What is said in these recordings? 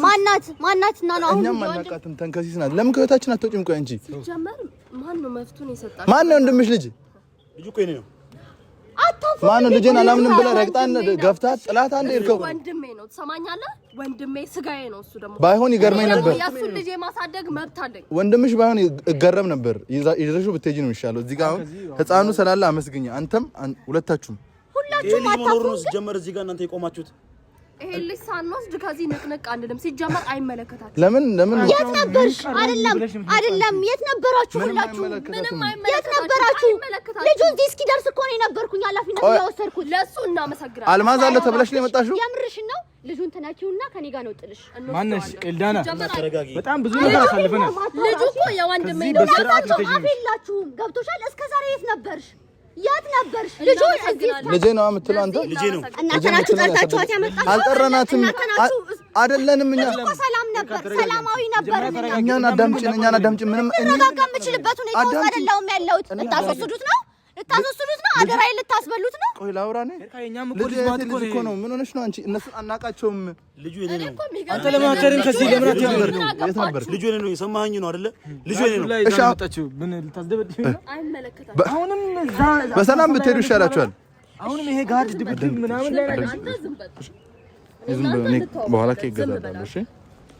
ማናት? ተንከሲስ ናት። ለምን ከህይወታችን አትወጪም? ቆይ አንቺ ማን ነው መፍቱን የሰጣት? ልጅ ልጁ ቆይ ነው ማን ነው ልጄን አላምንም ብለህ ረግጣን ገፍታት ጥላት አንድ ይርከው ወንድሜ ነው ትሰማኛለህ? ወንድሜ ስጋዬ ነው። እሱ ደግሞ ባይሆን ይገርመኝ ነበር። ያሱ ልጄ ማሳደግ መብት አለኝ። ወንድምሽ ባይሆን ይገረም ነበር። ይዘሽው ብትሄጂ ነው የሚሻለው። እዚህ ጋር አሁን ህፃኑ ስላለ አመስግኛ። አንተም ሁለታችሁም ሁላችሁም አታፍሩ። እዚህ ጋር እናንተ የቆማችሁት ይሄን ልጅ ሳንወስድ ከዚህ ንቅንቅ አንልም። ሲጀመር አይመለከታችሁም። ለምን ለምን የት ነበርሽ? አይደለም አይደለም፣ የት ነበራችሁ? ሁላችሁ ምንም የት ነበራችሁ? ልጁ እዚህ እስኪደርስ እኮ ነው የነበርኩኝ፣ ኃላፊነት እያወሰድኩት። ለእሱ እናመሰግናለን። አልማዝ አለ ተብለሽ ነው የመጣሽው? የምርሽን ነው? ልጁን ተናኪውና ከኔ ጋር ነው ጥልሽ። ማነሽ? ኤልዳና በጣም ብዙ ነገር አሳልፈናል። ልጁ እኮ የወንድሜ ነው። አፍ የላችሁም። ገብቶሻል? እስከ የት ነበርሽ? የት ነበርሽ? ልጁ ልጄ ነው የምትለው አንተ ልጄ ነው። እናንተናችሁ ጠርታችኋት ያመጣችኋት? አልጠራናትም አይደለንም። እኛ ሰላም ነበር፣ ሰላማዊ ነበር። እኛን አዳምጪን፣ እኛን አዳምጪን። ምንም እኔ ልረጋጋ የምችልበት ሁኔታ ውስጥ አይደለሁም ያለሁት። የምታስወስዱት ነው ልታስወስዱት ነው? አደራዬ ልታስበሉት ነው? ቆይ ላውራ ነኝ። እኮ ነው። ምን ሆነሽ ነው አንቺ? እነሱን አናቃቸውም። ልጁ የኔ ነው። አንተ ለምን ከዚህ ለምን አትያምርም? የት ነበር? ልጁ የኔ ነው። የሰማኸኝ ነው አይደለ? ልጁ የኔ ነው። እሺ፣ አመጣችሁ። ምን ልታስደበድብ ነው? አይመለከታችሁም። አሁንም በሰላም ብትሄዱ ይሻላችኋል። አሁንም ይሄ ጋር ድብድብ ምናምን ላይ አንተ ዝም በል። በኋላ ከይገዛል። እሺ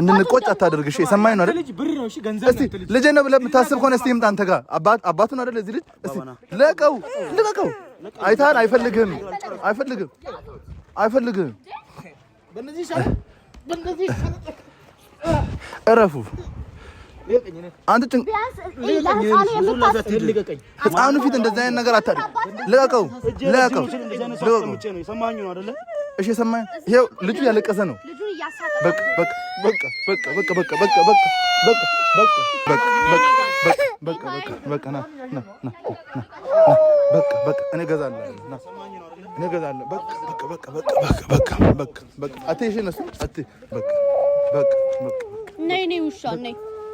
እንድንቆጭ አታደርግ። እሺ የሰማኝ ነው አይደል? እስቲ ልጄ ነው ብለህ የምታስብ ከሆነ እስቲ ይምጣ አንተ ጋር አባት ነው አይደል? እዚህ ልጅ እስቲ ልቀቀው፣ ልቀቀው። አይተሃል? አይፈልግህም፣ አይፈልግህም፣ አይፈልግህም። እረፉ። አንተ ጭን ህፃኑ ፊት እንደዚህ አይነት ነገር አታድርግ። ልቀቀው፣ ልቀቀው፣ ልቀቀው። እሺ ሰማ ይሄው ልጁ ያለቀሰ ነው። በቃ በቃ በቃ በቃ በቃ በቃ በቃ በቃ በቃ በቃ በቃ በቃ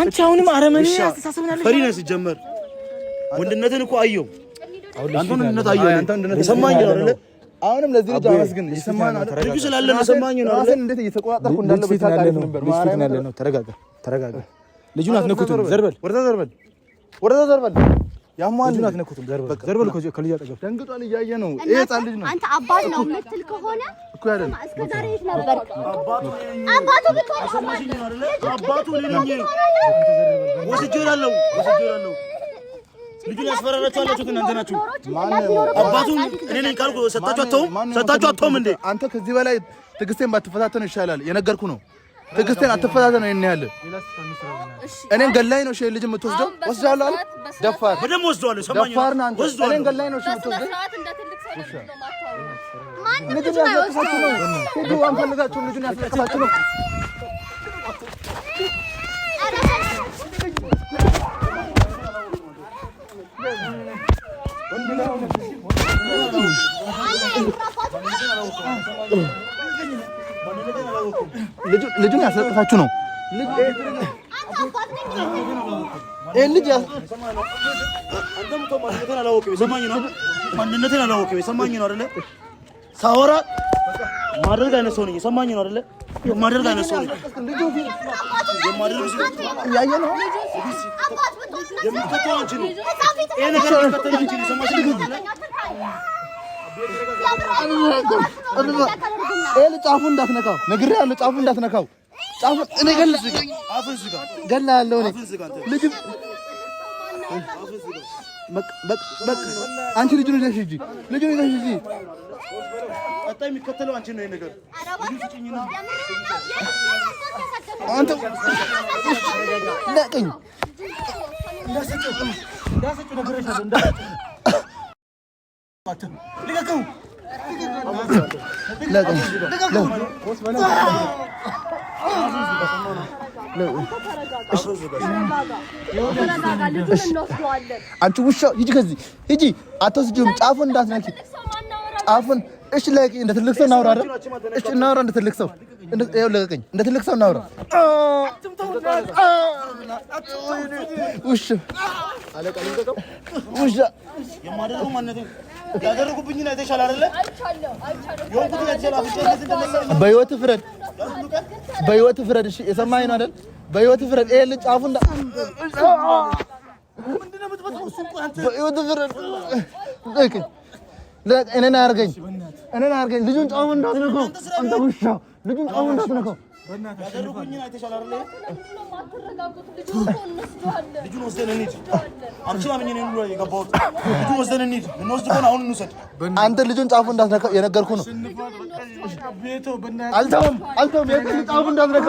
አንቺ አሁንም አረመኔ አስተሳሰብ ነው። ፈሪ ነህ ሲጀመር ወንድነትን እኮ አየው። አንተ ወንድነት አየው። አንተ የሰማኝ ነው አይደለ? አሁንም ለዚህ ልጅ አመስግን። የሰማኝ ነው ልጁ ስላለ ነው። ሰማኝ ነው አሁን እንዴት እየተቆጣጠርኩ እንዳለ በታቃሪ ነበር። ተረጋጋ፣ ተረጋጋ። ልጁን አትነኩት ወደዛ ዘርበል፣ ወርዳ ዘርበል ወርዳ ዘርበል ያሟል ልጁን አትነኩትም። ዘርበል ከልጅ አጠገብ ደንግጧል፣ እያየ ነው። ይሄ ልጅ ነው። አንተ አባት ነው የምትል ከሆነ እኮ አባቱ ልጁን ግን ናችሁ። እኔ ነኝ ካልኩ ሰጣችሁ አትተውም፣ ሰጣችሁ አትተውም እንዴ? አንተ ከዚህ በላይ ትዕግስቴን ባትፈታተን ይሻላል። የነገርኩ ነው ትዕግስቴን አትፈታተ ነው ይሄን ያለ እኔን ገላይ ነው ሸይ ልጅ የምትወስደው ወስዳለሁ አለ ደፋር በደም ወስደዋለሁ ሰማኝ ደፋርና አንተ እኔን ገላይ ነው ሸይ የምትወስደው ልጁን ያስለቅሳችሁ ነው ሂዱ አንፈልጋችሁም ልጁን ያስለቅሳችሁ ነው Oh, ልጁን ያስለጥፋችሁ ነው። ይህን ልጅ ማንነትን አላወቅም። የሰማኝ ነው አይደለ? ሳወራ ማድረግ አይነት ሰው ነኝ። የሰማኝ ነው አይደለ? የማደርግ አይነት ሰው ነኝ። የማደርግ ጫፉ እንዳትነካው ነግሬሃለሁ። ጫፉ እንዳትነካው ጫፉን እኔ ገላለሁ። አንቺ ልጁን ይዘሽ ሂጂ፣ ልጁን ይዘሽ ሂጂ። ቀጣይ የሚከተለው አንቺ ነው። ይሄ ነገር አንተ አንቺ ውሻ ሂጂ፣ ከዚህ ሂጂ። አትወስጂውም ጫፉን እንዳትነኪ ጫፉን እሺ ለቂ እንደ ትልቅ ሰው እናውራ አይደል? እሺ እናውራ፣ እንደ ትልቅ ሰው ያው ለቀቀኝ፣ እንደ ትልቅ ሰው እናውራ። ውሻ ፍረድ፣ ፍረድ። እሺ የሰማኸኝ ነው አይደል? ፍረድ። ይሄ ልጅ ፍረድ። እኔን አያርገኝ እኔን አድርገኝ። ልጁን ጫማ እንዳትነካው አንተ ውሻ፣ ልጁን ጫማ እንዳትነካው። አንተ ልጁን ጫፉ እንዳትነካ የነገርኩህ ነው። አልተውም፣ አልተውም። የት ጫፉ እንዳትነካ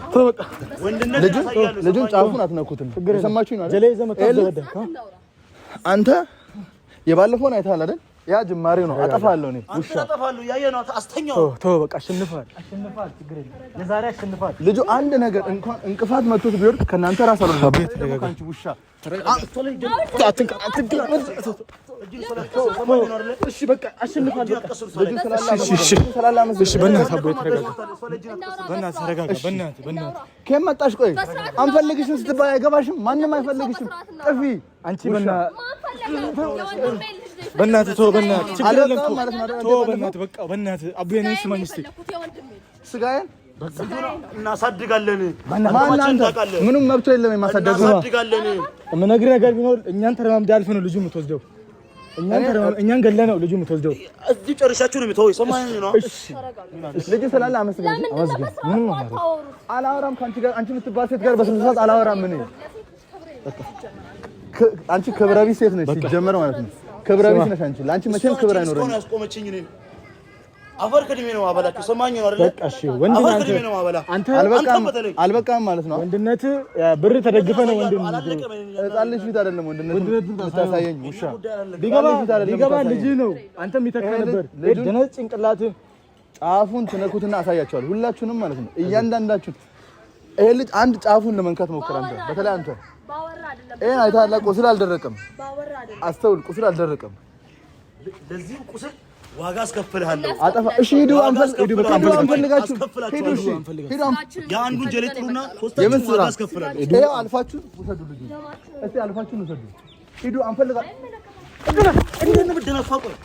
ልጁን ጫፉን አትነኩትም። የሰማችሁ አንተ የባለፈውን አይተሃል አይደል? ያ ጅማሬ ነው። አጠፋለሁ እኔ ውሻ ልጁ አንድ ነገር እንኳን እንቅፋት መቶት ቢወድቅ ከእናንተ ራስ አልሆነ ውሻ ከየት ቆይ አንፈልግሽም ስትባል አይገባሽም። ማንም አይፈልግሽም። ጥፊ አንቺ በእናትህ ተወው፣ በእናትህ ችግር በእናትህ በቃ፣ በእናትህ አቡዬ ነኝ። ስማኝ እስኪ ስጋዬን እናሳድጋለን። ምንም መብቶ የለም የማሳደግ የምነግርህ ነገር ቢኖር እኛን ተረማምደህ አልፈህ ነው ልጁ የምትወስደው። እኛን ገለህ ነው ልጁ የምትወስደው። እዚህ ጨርሻችሁ ነው ልጁ ስላለ አመስግን። ምንም አላወራም ከአንቺ ጋር አንቺ የምትባል ሴት ጋር በስንት ሰዓት አላወራም። እኔ አንቺ ክብረ ቢስ ሴት ነች ሲጀመር ማለት ነው። ክብረ ቢስ ነሽ አንቺ። ለአንቺ መቼም ክብር አይኖርም። አፈር ከድሜ ነው አበላችሁ። ሰማኝ ነው አይደል? በቃ እሺ ወንድ ነው አንተ አልበቃም ማለት ነው። ወንድነት ብር ተደግፈ ነው ወንድነት። ሕፃን ልጅ ፊት አይደለም ወንድነት የምታሳየኝ። ውሻ ቢገባ ልጅ ነው አንተ የሚተካ ነበር። ድነት ጭንቅላት ጫፉን ትነኩትና አሳያቸዋል። ሁላችሁንም ማለት ነው እያንዳንዳችሁን። ይሄ ልጅ አንድ ጫፉን ለመንካት ሞክር አንተ፣ በተለይ አንተ ይሄን አይተሃል። ቁስል አልደረቀም። አስተውል፣ ቁስል አልደረቀም። ለዚህ ቁስል ዋጋ አስከፍልሃለሁ። አጠፋ። እሺ ሂዱ፣ ሂዱ፣ አንፈልጋችሁ። ሂዱ፣ እሺ ሂዱ። የአንዱን ጀሌ ጥሩና ሶስታችሁ ዋጋ አስከፍላለሁ። ይኸው አልፋችሁ ውሰዱ፣ ልጅ እስቲ አልፋችሁ ውሰዱ። ሂዱ፣ አንፈልጋችሁ። ነው የምትደነፋቁት?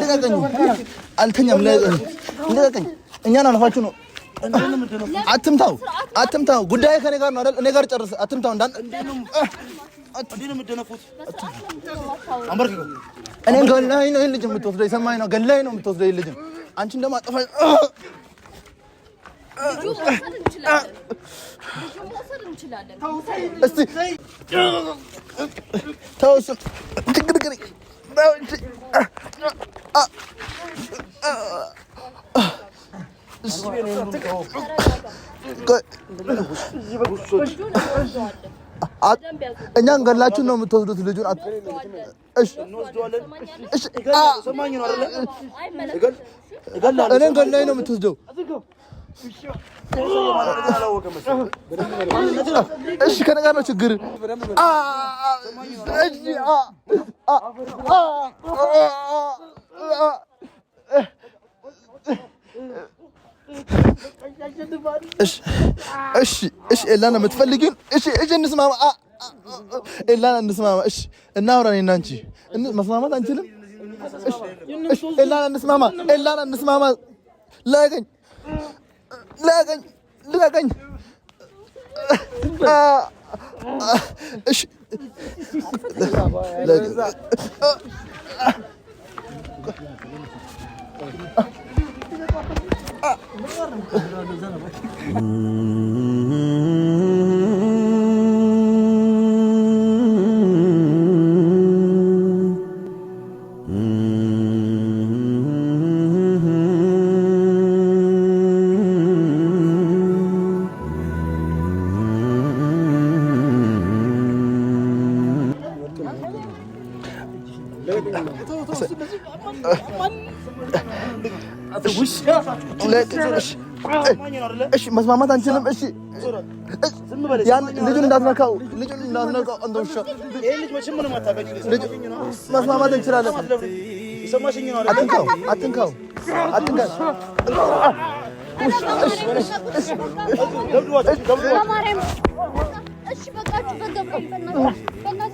ልቀቀኝ፣ አልተኛም። ልቀቀኝ፣ እኛን አልፋችሁ ነው አትምታው፣ አትምታው። ጉዳይ ከእኔ ጋር ነው አይደል? እኔ ጋር ጨርስ። አትምታው እንዳን እኔ ገላይ ነው ልጅ የምትወስደው፣ የሰማኝ ነው። ገላይ ነው የምትወስደው ልጅ አንቺ እንደማጠፋ እንችላለን። እኛ እንገላችሁ ነው የምትወስዱት ልጁን። እኔ እንገላኝ ነው የምትወስደው። እሺ ከነጋ ነው ችግር። እሺ እሺ፣ ኤላን የምትፈልጊውን እሺ፣ እሺ፣ እንስማማ። ኤላን እንስማማ። እሺ፣ እናውራ። እኔና አንቺ መስማማት አንችልም። እሺ፣ እንስማማ። ኤላን እንስማማ። ላገኝ ላገኝ ላገኝ። እሺ ላገኝ Ne var mı kadar እሺ መስማማት አንችልም። እሺ ያን ልጁን እንዳትነካው፣ ልጁን እንዳትነካው። አንተ ውሻ መስማማት እንችላለን። አትንካው፣ አትንካው፣ አትንካው። እሺ በቃችሁ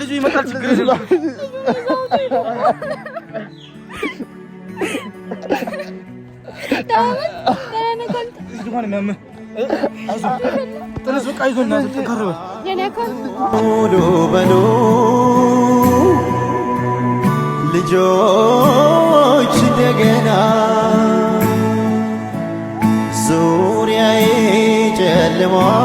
ልጁ ይመጣል፣ ችግር የለም። በሉ ልጆች እንደገና ዙሪያዬ ጨልሟል።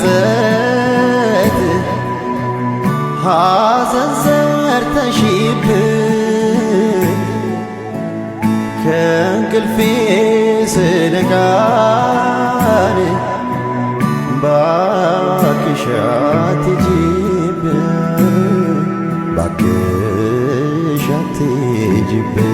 ሐፍረት ሐዘን ዘርተሽክ ከእንቅልፌ ስነቃን ባክሽ አትሂጂብን ባክሽ አትሂጂብን